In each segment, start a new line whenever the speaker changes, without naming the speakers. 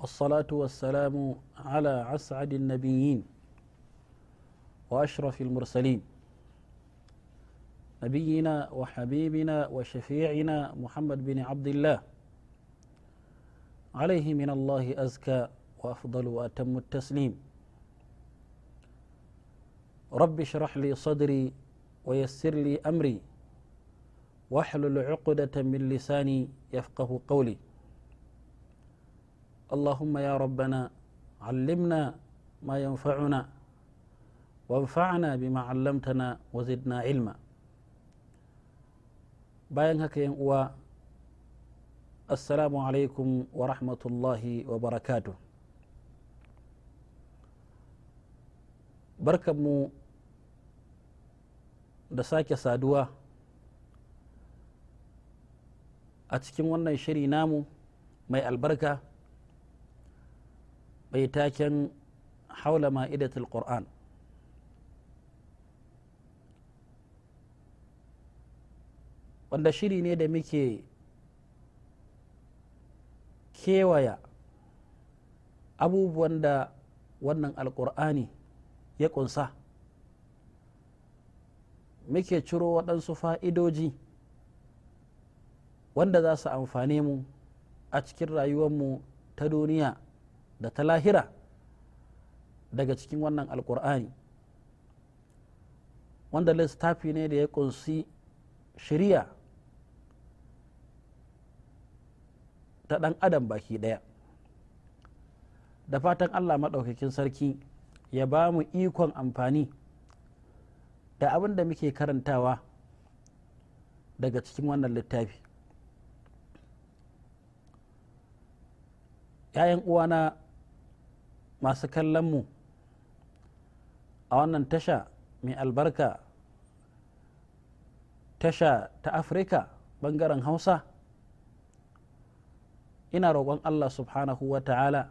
والصلاة والسلام على أسعد النبيين وأشرف المرسلين نبينا وحبيبنا وشفيعنا محمد بن عبد الله عليه من الله أزكى وأفضل وأتم التسليم رب اشرح لي صدري ويسر لي أمري واحلل عقدة من لساني يفقه قولي اللهم يا ربنا علمنا ما ينفعنا وانفعنا بما علمتنا وزدنا علما باين هكا و السلام عليكم ورحمة الله وبركاته بركة مو دساك سادوا أتكلم وانا يشري نامو ماي البركه bai taken haula ma'idatul qur'an wanda shiri ne da muke kewaya abubuwan da wannan alƙur'ani ya kunsa muke ciro waɗansu fa'idoji wanda za su amfane mu a cikin rayuwar mu ta duniya da ta lahira daga cikin wannan alkur'ani wanda littafi ne da ya ƙunsi shirya ta ɗan adam baki ɗaya da fatan allah maɗaukakin sarki ya ba mu ikon amfani da abin da muke karantawa daga cikin wannan littafi ‘ya'yan uwana masu kallonmu a wannan tasha mai albarka tasha ta afirka bangaren hausa ina roƙon allah subhanahu wa ta'ala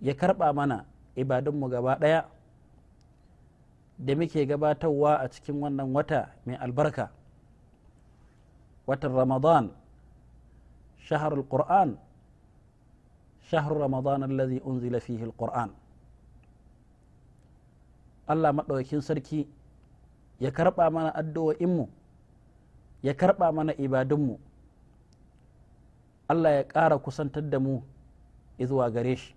ya karɓa mana ibadunmu gaba ɗaya da muke gabatarwa a cikin wannan wata mai albarka watan ramadan shaharul qur'an shahru ramadan alladhi unzila fihi alquran Allah maɗaukin sarki ya karɓa mana addu'o'inmu ya karɓa mana ibadunmu Allah ya ƙara kusantar da mu zuwa gare shi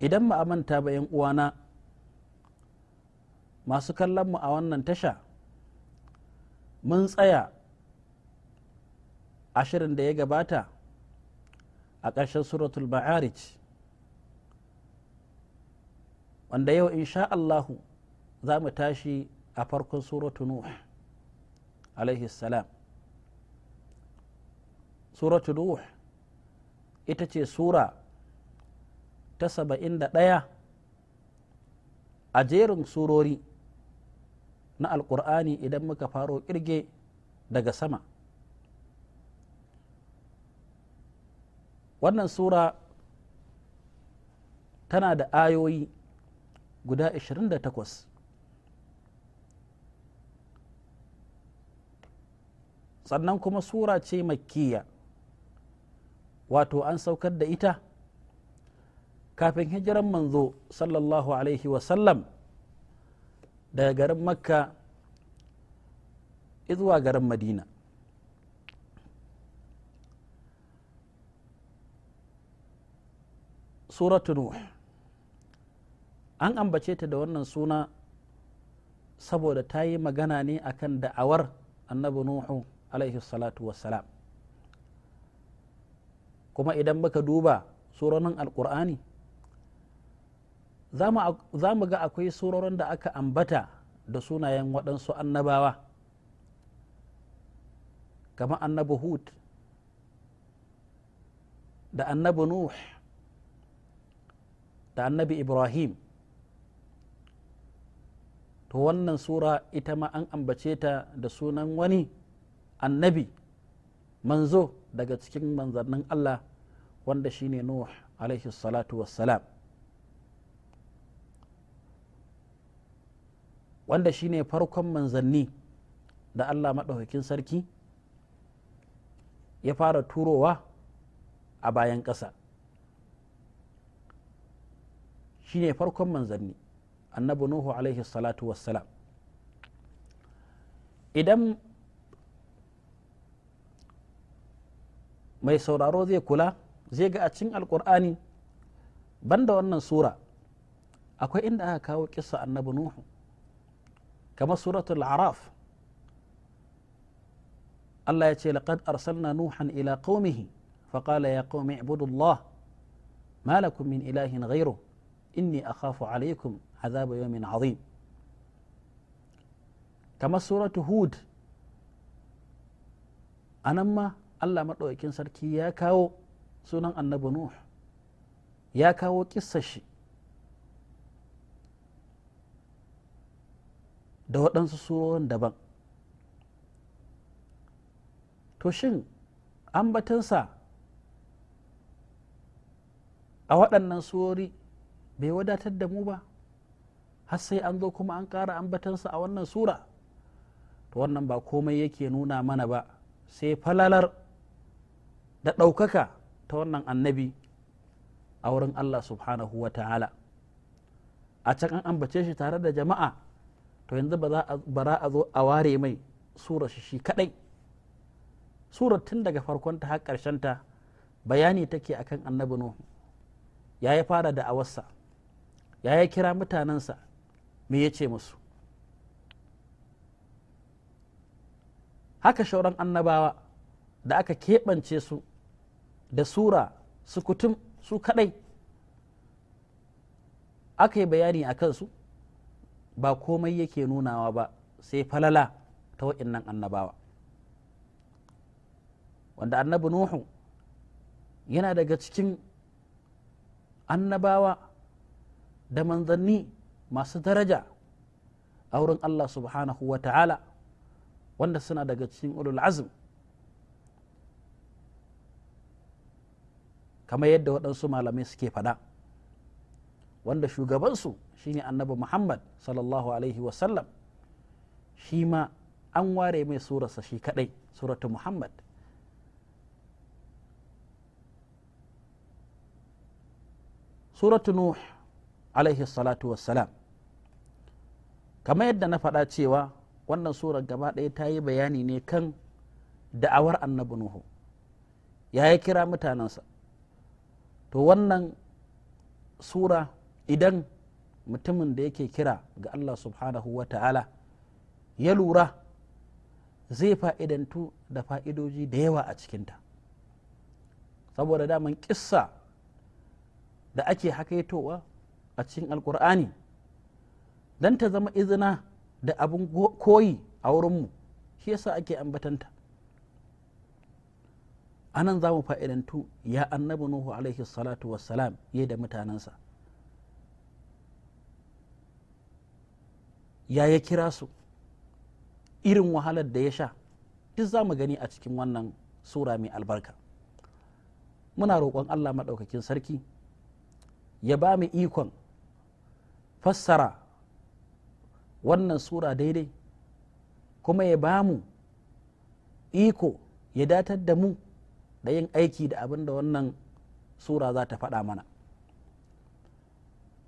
idan ma manta bayan uwana masu kallon mu a wannan tasha mun tsaya ashirin da ya gabata a ƙarshen suratul ma'arij wanda yau insha Allahu za mu tashi a farkon suratu nuh alaihi salam suratu nuh ita ce sura ta saba'in da ɗaya a jerin surori na alƙur'ani idan muka faro ƙirge daga sama wannan sura tana da ayoyi guda 28 sannan kuma sura ce makkiya wato an saukar da ita kafin hijiran manzo sallallahu alaihi wasallam daga garin makka zuwa garin madina suratu nuh an ambace ta da wannan suna saboda ta yi magana ne akan da'awar annabi nuhu alaihi salatu wassalam kuma idan muka duba surorin alkur'ani za mu ga akwai surorin da aka ambata da sunayen waɗansu annabawa kamar annabi hud da annabi nuh da annabi ibrahim to wannan sura ita ma an ambace ta da sunan wani annabi manzo daga cikin manzannin allah wanda shine nuh alaihi salatu wassalam wanda shine farkon manzanni da allah maɗaukakin sarki ya fara turowa a bayan ƙasa shine farkon manzanni annabi nuhu alaihi salatu wassalam idan mai sauraro zai kula zai ga a cikin alkur'ani banda wannan sura akwai inda aka kawo kisa annabi nuhu kamar suratul araf Allah ya ce laqad arsalna nuhan ila qaumihi فقال يا قوم اعبدوا الله ما لكم من إله غيره inni akhafu alaikum azaba yawmin azim kamar suratu hud a nan ma allah maɗaukin sarki ya kawo sunan annabi nuh ya kawo kissar shi da waɗansu surorin daban to an ambatansa a waɗannan surori bai wadatar da mu ba har sai an zo kuma an ƙara ambatansa a wannan sura to wannan ba komai yake nuna mana ba sai falalar da ɗaukaka ta wannan annabi a wurin Allah subhanahu wa ta'ala a can an ambace shi tare da jama'a to yanzu ba za a zo a ware mai sura shi shi kadai surar tun daga farkonta har ta bayani take akan annabi nuhu ya yi fara da awarsa ya ya kira mutanensa me ya ce musu haka shauran annabawa da aka keɓance su da sura su kutum su kaɗai aka yi bayani a kansu ba komai yake nunawa ba sai falala ta wa'innan annabawa wanda annabi nuhu yana daga cikin annabawa da manzanni masu daraja a wurin Allah subhanahu wa ta'ala wanda suna daga cikin ulul azm kamar yadda waɗansu malamai suke faɗa wanda shugabansu shine annabi muhammad sallallahu alaihi wasallam shi ma an ware mai surarsa shi kaɗai suratu muhammad suratu nuh alaihi salatu wassalam kamar yadda na faɗa cewa wannan surar gaba ɗaya ta yi bayani ne kan da'awar annabi nuhu ya yi kira mutanensa to wannan sura idan mutumin da yake kira ga allah subhanahu wa ta'ala ya lura zai fa'idantu da fa'idoji da yawa a cikinta saboda daman kissa da ake hakaitowa a cikin alkur'ani don ta zama izina da abin koyi a wurinmu shi yasa ake ambatanta anan za mu fa'idantu ya annabi nuhu alaihi salatu wassalam ya da mutanensa ya ya kira su irin wahalar da ya sha duk za mu gani a cikin wannan sura mai albarka muna roƙon allah maɗaukakin sarki ya ba mu ikon fassara wannan sura daidai kuma ya ba mu iko ya datar da mu da yin aiki da abin da wannan sura za ta faɗa mana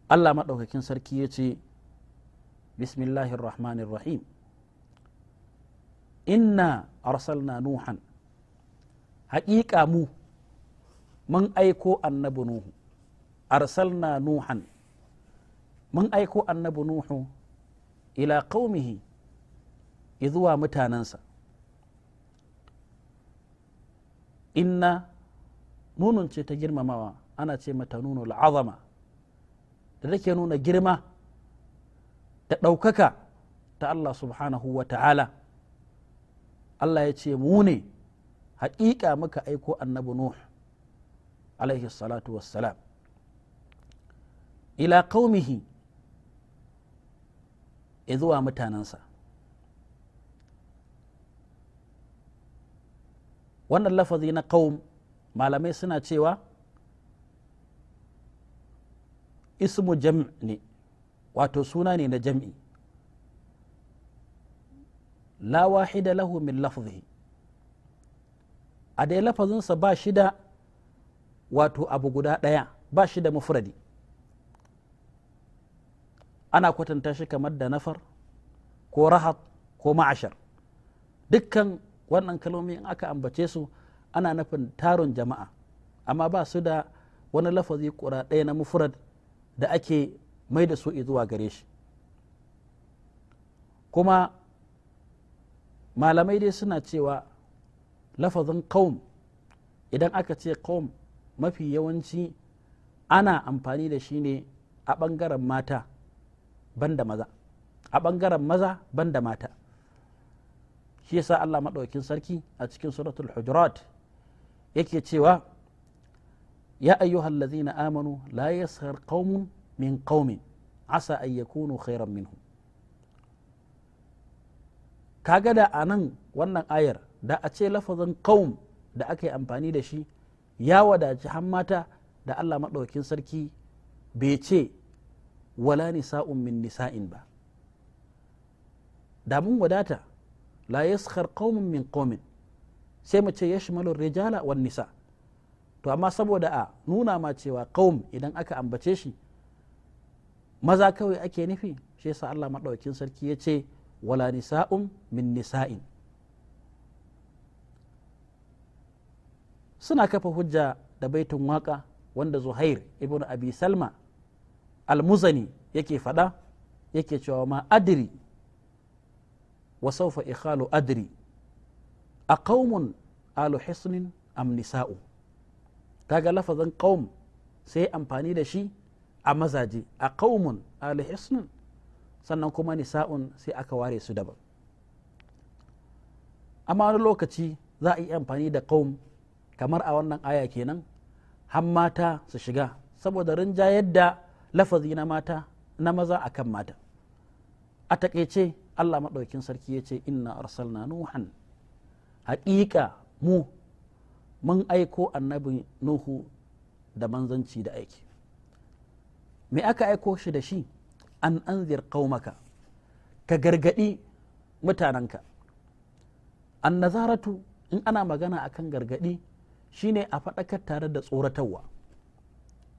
allah maɗaukakin sarki ya ce bismillahirrahmanirrahim inna arsalna nuhan haƙiƙa mu mun aiko annabi nuhu arsalna nuhan mun aiko annabi nuhu ila qaumihi zuwa mutanensa inna nunun ce ta girmamawa ana ce mata nunul azama da take nuna girma da ɗaukaka ta Allah subhanahu wa ta'ala Allah ya ce mu ne haƙiƙa muka aiko annabi Nuh alaihi salatu wassalam ila qaumihi zuwa mutanensa wannan lafazi na kawun malamai suna cewa ismu jam'i ne wato suna ne na jam'i la wahida lahu min lafazi a dai lafazinsa ba shi da wato abu guda ɗaya ba shi da mufradi ana kwatanta shi kamar da nafar ko rahat ko ma'ashar dukkan wannan kalomi in aka ambace su ana nufin taron jama'a amma ba su da wani lafazi kura ɗaya na mufrad da ake mai da su zuwa gare shi kuma malamai dai suna cewa lafazin kawun idan aka ce kawun mafi yawanci ana amfani da shi ne a ɓangaren mata banda maza a bangaren maza banda mata shi yasa Allah maɗaukin sarki a cikin suratul hujurat yake cewa ya ayyuhal ladzina amanu la yaskhar qaumun min qaumin asa an yakunu khairan minhum kaga da anan wannan ayar da a ce lafazin qaum da ake amfani da shi ya wadaci har mata da Allah maɗaukin sarki bai ce wala nisa'un min nisa'in ba da mun wadata layaskar yaskhar min qaumin sai mu ce yashmalu rijala wan nisa to amma saboda a nuna ma cewa qaum idan aka ambace shi maza kawai ake nufi shi yasa Allah maɗaukin sarki ya ce wala nisa'un min nisa'in suna kafa hujja da baitin waka wanda Zuhair ibn Abi Salma almuzani yake faɗa yake cewa ma adri wa saufa ikhalu adri a ƙaumun alu hisnin am nisa'u lafazin ƙaum sai amfani da shi a mazaje a ƙaumun alu sannan kuma nisa'un sai aka ware su daban amma wani lokaci za a yi amfani da ƙaum kamar a wannan aya kenan har mata su shiga saboda rinjayar da lafazi na mata na maza akan mata a takaice Allah maɗaukin sarki ya ce inna arsalna nuhan haƙiƙa mu mun aiko annabi nuhu da manzanci da aiki me aka aiko shi da shi an anzir qaumaka ka gargaɗi mutanenka an nazaratu in ana magana akan gargaɗi shine a faɗakar tare da tsoratarwa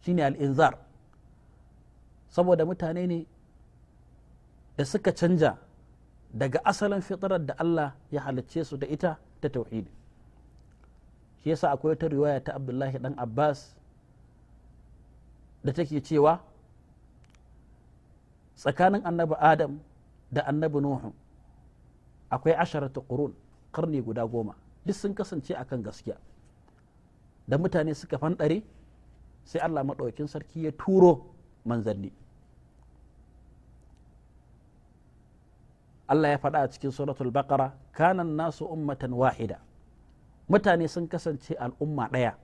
shine al'inzar saboda mutane ne da suka canja daga asalin fitarar da Allah ya halicce su da ita ta tauhidi shi yasa akwai ta riwaya ta Abdullahi dan Abbas da take cewa tsakanin annabi Adam da annabi Nuhu akwai asharatu qurun karni guda goma duk sun kasance akan gaskiya da mutane suka fanɗare sai Allah maɗaukin sarki ya turo manzanni Allah ya faɗa a cikin suratul baqara kanan nasu ummatan wahida mutane sun kasance al'umma ɗaya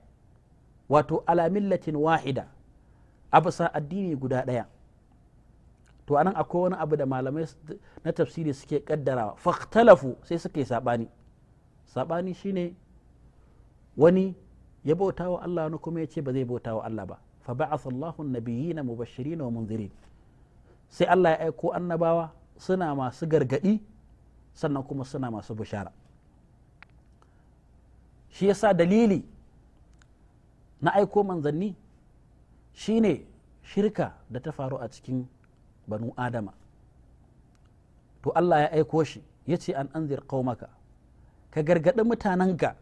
wato ala millatin wahida a bisa addini guda ɗaya to anan akwai wani abu da malamai na tafsiri suke kaddarawa faktalafu sai suka yi saɓani saɓani shine wani ya bauta wa Allah wani kuma ya ce ba zai bauta wa Allah ba fa ba'atha Allahu an-nabiyina mubashirin wa munzirin sai Allah ya aiko annabawa suna masu gargadi sannan kuma suna masu bishara shi yasa dalili na aiko manzanni shine shirka da ta faru a cikin banu adama to Allah ya aiko shi ya ce an anzir qaumaka ka gargaɗi mutanenka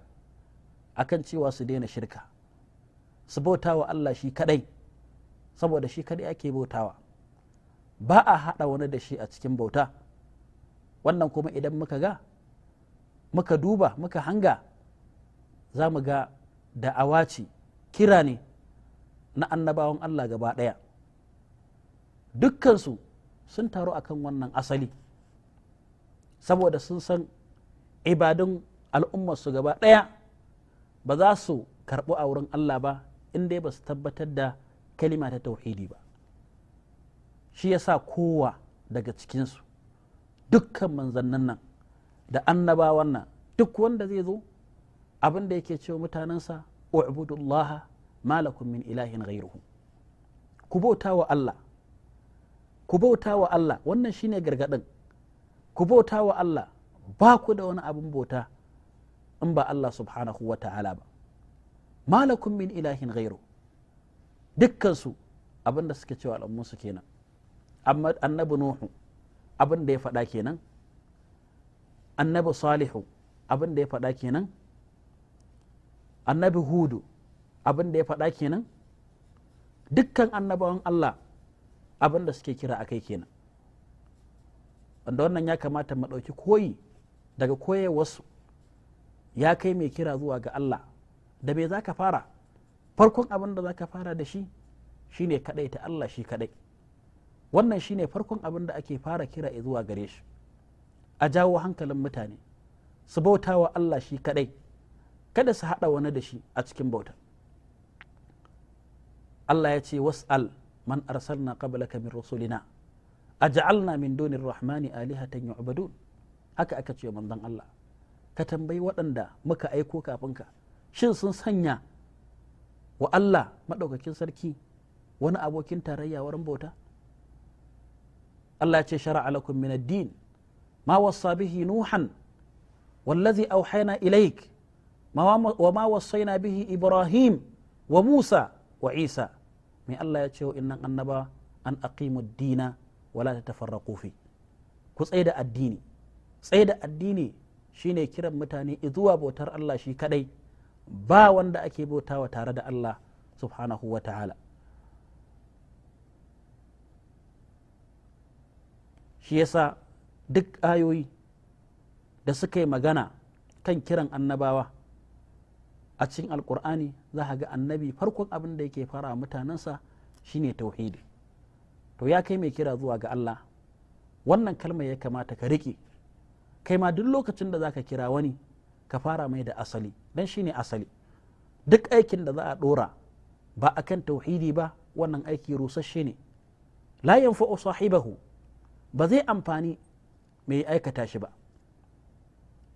kan cewa su daina shirka su bautawa Allah shi kaɗai saboda shi kaɗai ake bautawa ba a haɗa wani da shi a cikin bauta wannan kuma idan muka ga muka duba muka hanga za mu ga da awaci kira ne na annabawan Allah gaba ɗaya dukkansu sun taru a kan wannan asali saboda sun san ibadun al'ummarsu gaba ɗaya ba za su karɓi a wurin Allah ba indai ba su tabbatar da kalima ta tauhidi ba shi yasa kowa daga cikinsu dukkan manzannin nan da annabawan nan duk wanda zai zo abin da yake cewa mutanensa u'budullaha malakum min ilahin ghairuhu ku bauta wa Allah ku bauta wa Allah wannan shine gargadin ku bauta wa Allah ba ku da wani abin bauta in ba Allah subhanahu wa ta'ala ba malakum min ilahin ghairu dukkan su abin da suke cewa al'ummu su kenan annabi nuhu abin da ya faɗa kenan annabi salihu abin da ya faɗa kenan annabi hudu abin da ya faɗa kenan dukkan annabawan Allah abin da suke kira akai kenan wanda wannan ya kamata mu ɗauki koyi daga wasu ya kai mai kira zuwa ga Allah da bai za ka fara farkon abin da za ka fara da shi shine kaɗai ta Allah shi kaɗai wannan shine farkon abin da ake fara kira zuwa gare shi a jawo hankalin mutane su bauta wa Allah shi kadai kada su haɗa wani da shi a cikin bauta Allah ya ce was'al man arsalna qablaka min rusulina aj'alna min dunir rahmani alihatan yu'badun haka aka ce manzon Allah ka tambayi waɗanda muka aiko kafin ka shin sun sanya wa Allah maɗaukakin sarki wani abokin tarayya wurin bauta Allah ce shara lakum min ad-din ma wassa bihi nuhan wallazi auhaina ilaik wa ma wassaina bihi ibrahim wa musa wa isa mai Allah ya ce wa innan annaba an aqimu ad-dina wa la tatafarraqu fi ku tsaida addini tsaida addini shine kiran mutane zuwa bautar Allah shi kadai ba wanda ake bautawa tare da Allah subhanahu wa ta'ala shi yasa duk ayoyi da suka yi magana kan kiran annabawa a cikin alkur'ani za a ga annabi farkon abin da yake fara mutanensa shine tauhidi to ya kai mai kira zuwa ga Allah wannan kalma ya kamata ka riƙe kai ma duk lokacin da za ka kira wani ka fara mai da asali don shine asali duk aikin da za a ɗora ba a kan tauhidi ba wannan aiki rusasshe ne la yanfa'u sahibahu ba zai amfani mai aikata shi ba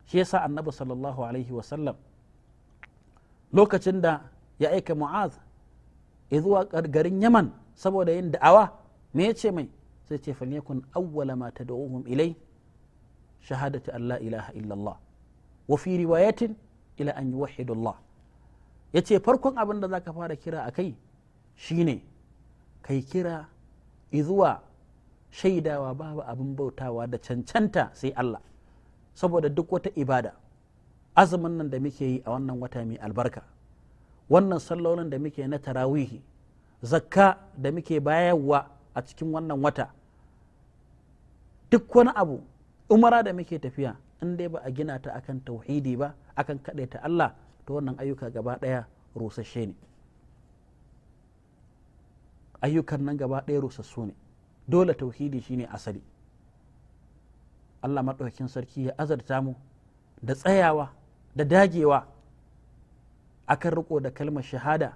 shi yasa annabi sallallahu alaihi wasallam lokacin da ya aika mu'az zuwa garin yaman saboda yin da'awa me ya ce mai sai ce yakun awwala ma tad'uhum ilai shahadatu an ilaha illallah wa fi riwayatin ila an yuwahhidu Allah yace farkon abin da zaka fara kira akai shine kai kira izuwa shaidawa babu abin bautawa da cancanta sai Allah saboda duk wata ibada azumin nan da muke yi a wannan wata mai albarka wannan sallolin da muke na tarawihi zakka da muke bayarwa a cikin wannan wata duk wani abu umara da muke tafiya in dai ba a gina ta akan tauhidi ba akan ta Allah ta wannan ayyuka gaba ɗaya rusasshe ne ayyukan nan gaba ɗaya rusassu ne dole tauhidi shine asali Allah maɗaukin sarki ya azarta mu da tsayawa da dagewa akan riko da kalmar shahada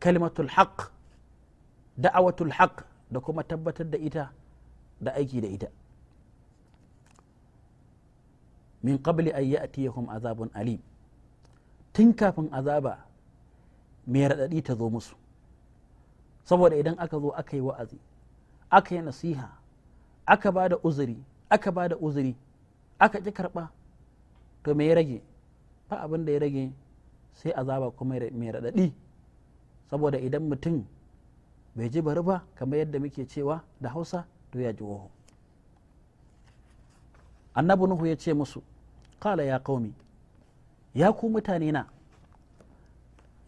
kalmatul haq da'awatul haq da kuma tabbatar da ita da aiki da ita min qabli an ya'tiyahum azabun alim tun kafin azaba mai raɗaɗi ta zo musu saboda idan aka zo aka yi wa'azi aka yi nasiha aka ba da uzuri aka ba da uzuri aka ƙi karɓa to me ya rage ba abin da ya rage sai azaba kuma mai raɗaɗi saboda idan mutum bai ji bari ba kamar yadda muke cewa da hausa to ya ji waho annabi nuhu ya ce musu kala ya kaumi ya ku mutane na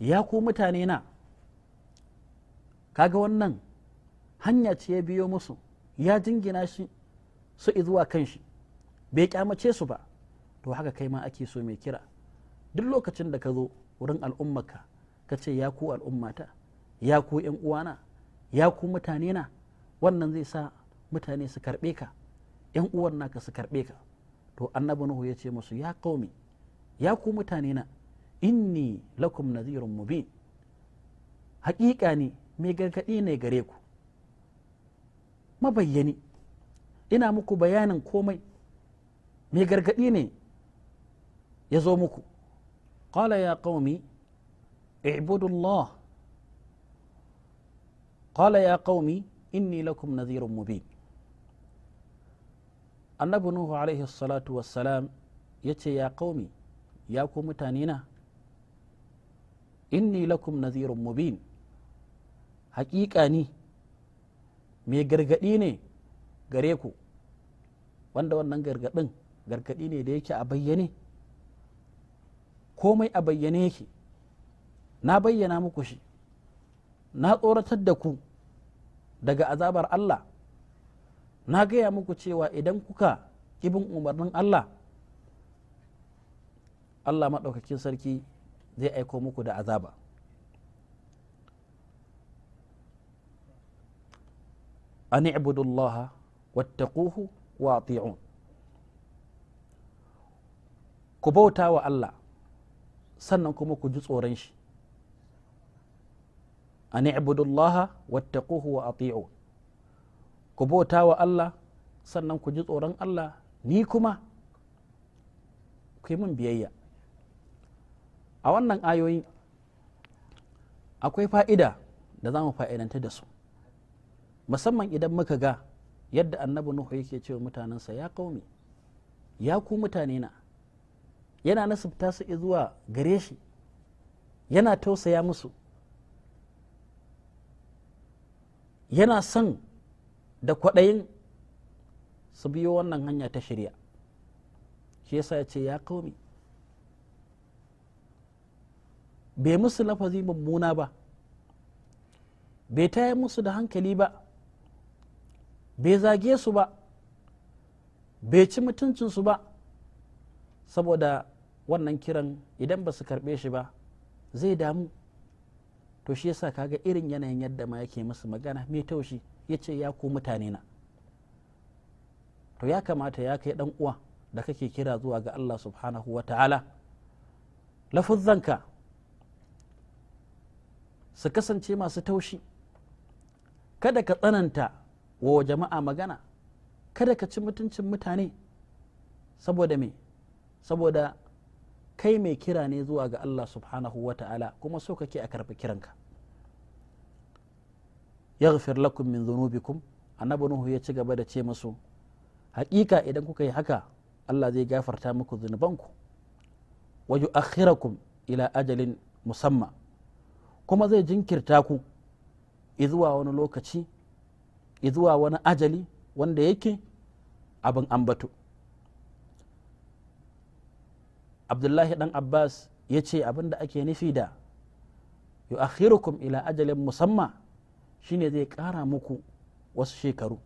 ya ku mutane na kaga wannan hanya ce ya biyo musu ya jingina shi su zuwa kan shi bai kyamace su ba to haka kai ma ake so mai kira duk lokacin da ka zo wurin al'ummaka ka ce ya ku al'ummata ya ku yan uwana ya ku mutane na wannan zai sa mutane su karɓe ka yan uwan naka su karɓe ka to annabi nuhu ya ce musu ya kaumi ya ku mutane na inni lakum nadhirun mubin haƙiƙa ne mai gargaɗi ne gare ku mabayyani ina muku bayanin komai mai gargaɗi ne ya zo muku قال يا قومي اعبدوا الله قال يا قومي إني لكم نذير مبين النبي نوح عليه الصلاة والسلام يتي يا قومي يا قوم تانينا إني لكم نذير مبين حقيقة ني mai gargadi ne gare ku wanda wannan gargadin gargadi ne da yake a bayyane komai a bayyane yake na bayyana muku shi na tsoratar da ku daga azabar Allah na gaya muku cewa idan kuka kibin umarnin Allah Allah maɗaukakin sarki zai aiko muku da azaba. an i'budu Allah kuhu wa ati'un ku bauta wa Allah sannan kuma ku ji tsoron shi an i'budu Allah kuhu wa ati'un ku bauta wa Allah sannan ku ji tsoron Allah ni kuma ku yi min biyayya a wannan ayoyi akwai fa'ida da za mu fa'idanta da su musamman idan muka ga yadda annabi nuhu yake cewa mutanensa ya kaumi ya ku mutane na yana nasibta su zuwa gare shi yana tausaya musu yana son da kwaɗayin su biyo wannan hanya ta shirya shi yasa ya ce ya kaumi bai musu lafazi mummuna ba bai taya musu da hankali ba bai zage su ba bai ci mutuncinsu ba saboda wannan kiran idan ba su karɓe shi ba zai damu to shi yasa kaga irin yanayin yadda ma yake musu magana mai taushi ya ce ya ku mutane na to ya kamata ya kai ɗan uwa da kake kira zuwa ga Allah subhanahu wa ta'ala lafuzzanka su kasance masu taushi kada ka tsananta wa jama'a magana kada ka ci mutuncin mutane saboda me saboda kai mai kira ne zuwa ga Allah subhanahu wa ta'ala kuma so kake a karɓi kiranka yaghfir lakum min dhunubikum annabi nuhu ya ci gaba da ce musu haƙiƙa idan kuka yi haka Allah zai gafarta muku zunubanku wa yu'akhirakum ila ajalin musamma kuma zai jinkirta ku zuwa wani lokaci zuwa wani ajali wanda yake abin ambato abdullahi dan abbas ya ce abin da ake nufi da yu'akhirukum ila ajalin musamma shine zai ƙara muku wasu shekaru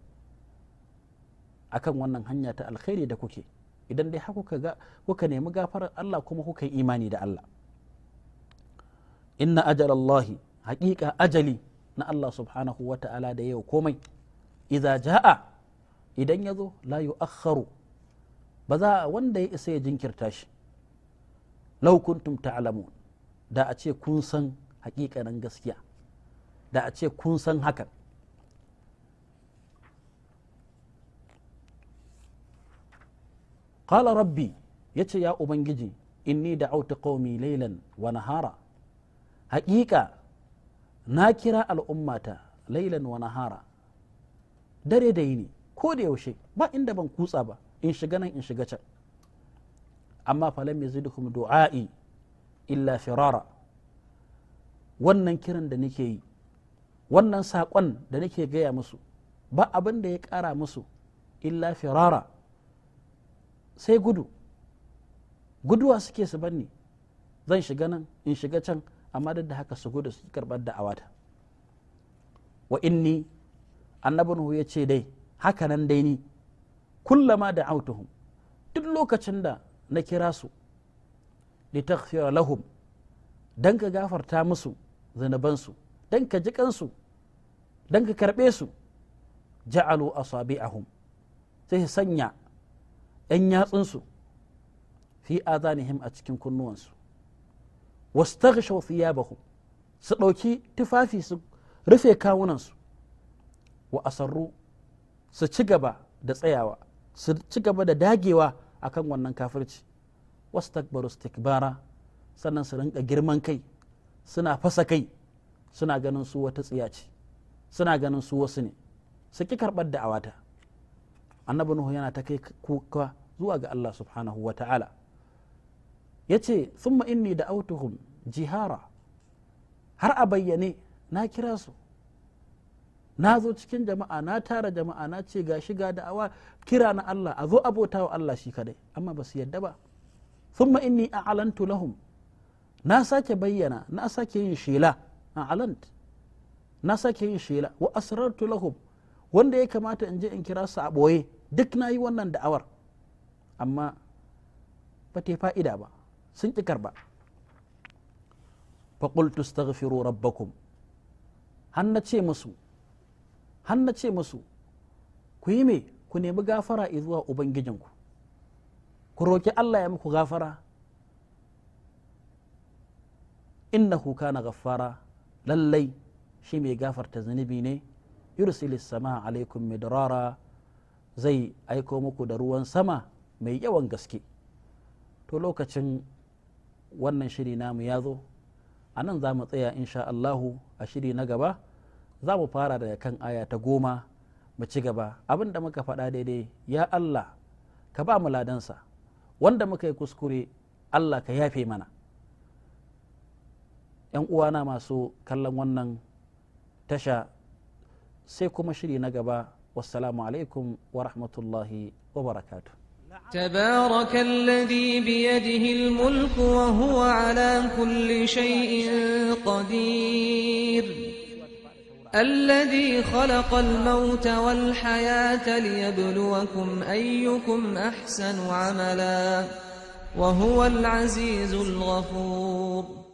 akan wannan hanya ta alkhairi da kuke idan dai haka kuka nemi gafarar Allah kuma kuka yi imani da Allah inna ajalallahi haƙiƙa ajali na Allah subhanahu wa ta'ala da yau komai idza jaa idan ya zo la yu'akhkharu ba za wanda ya isa ya jinkirta shi law kuntum ta'lamun da a ce kun san hakikanin gaskiya da a ce kun san hakan qala rabbi yace ya ubangiji inni da'awtu qaumi laylan wa nahara haƙiƙa na kira al'ummata laylan wa nahara dare da yini ko da yaushe ba inda ban kutsa ba in shiga nan in shiga can amma falam yazidhum du'a'i illa firara wannan kiran da nake yi wannan saƙon da nake gaya musu ba abin da ya ƙara musu illa firara sai gudu guduwa suke su banni zan shiga nan in shiga can amma duk da haka su gudu su karɓar da awata wa inni annabin hu ya ce dai haka nan dai ni kullama da autuhum duk lokacin da na kira su taghfira lahum dan ka gafarta musu zanabansu dan ka ji kansu dan ka karbe su ja'alu asabi'ahum sai sanya yan yatsunsu fi azanihim a cikin kunnuwansu wastaghshaw thiyabahum su ɗauki tufafi su rufe kawunansu wa asarru su ci gaba da tsayawa su ci gaba da dagewa akan wannan kafirci wastakbaru istikbara sannan su rinka girman kai suna fasa kai suna ganin su wata tsiya ce suna ganin su wasu ne su ki karɓar da awata annabi nuhu yana ta kai kuka zuwa ga Allah subhanahu wa ta'ala ya ce thumma inni da autuhun jihara har a bayyane na kira su na zo cikin jama'a na tara jama'a na ce ga shiga da awa kira na Allah a zo abota wa Allah shi kadai amma ba su yadda ba thumma inni a'lantu lahum na sake bayyana na sake yin shela a'lant na sake yin shela wa asrartu lahum wanda ya kamata in je in kira su a boye duk na yi wannan da'awar amma ba ta fa'ida ba sun ƙi karba faƙultu staghfiru rabbakum har na ce musu har na ce musu ku yi me ku nemi gafara zuwa ubangijinku ku roki Allah ya muku gafara innahu kana gaffara lallai shi mai gafarta zunubi ne yursilis sama alaikum midrara zai aiko muku da ruwan sama mai yawan gaske to lokacin wannan shiri namu ya zo a nan za mu tsaya insha Allahu a shiri na gaba za mu fara daga kan aya ta goma mu ci gaba abin da muka faɗa daidai ya Allah ka ba mu ladansa wanda muka yi kuskure Allah ka yafe mana ‘yan uwana masu kallon wannan tasha sai kuma shiri na gaba wassalamu alaikum wa rahmatullahi wa barakatu تبارك الذي بيده الملك وهو على كل شيء قدير الذي خلق الموت والحياة ليبلوكم أيكم أحسن عملا وهو العزيز الغفور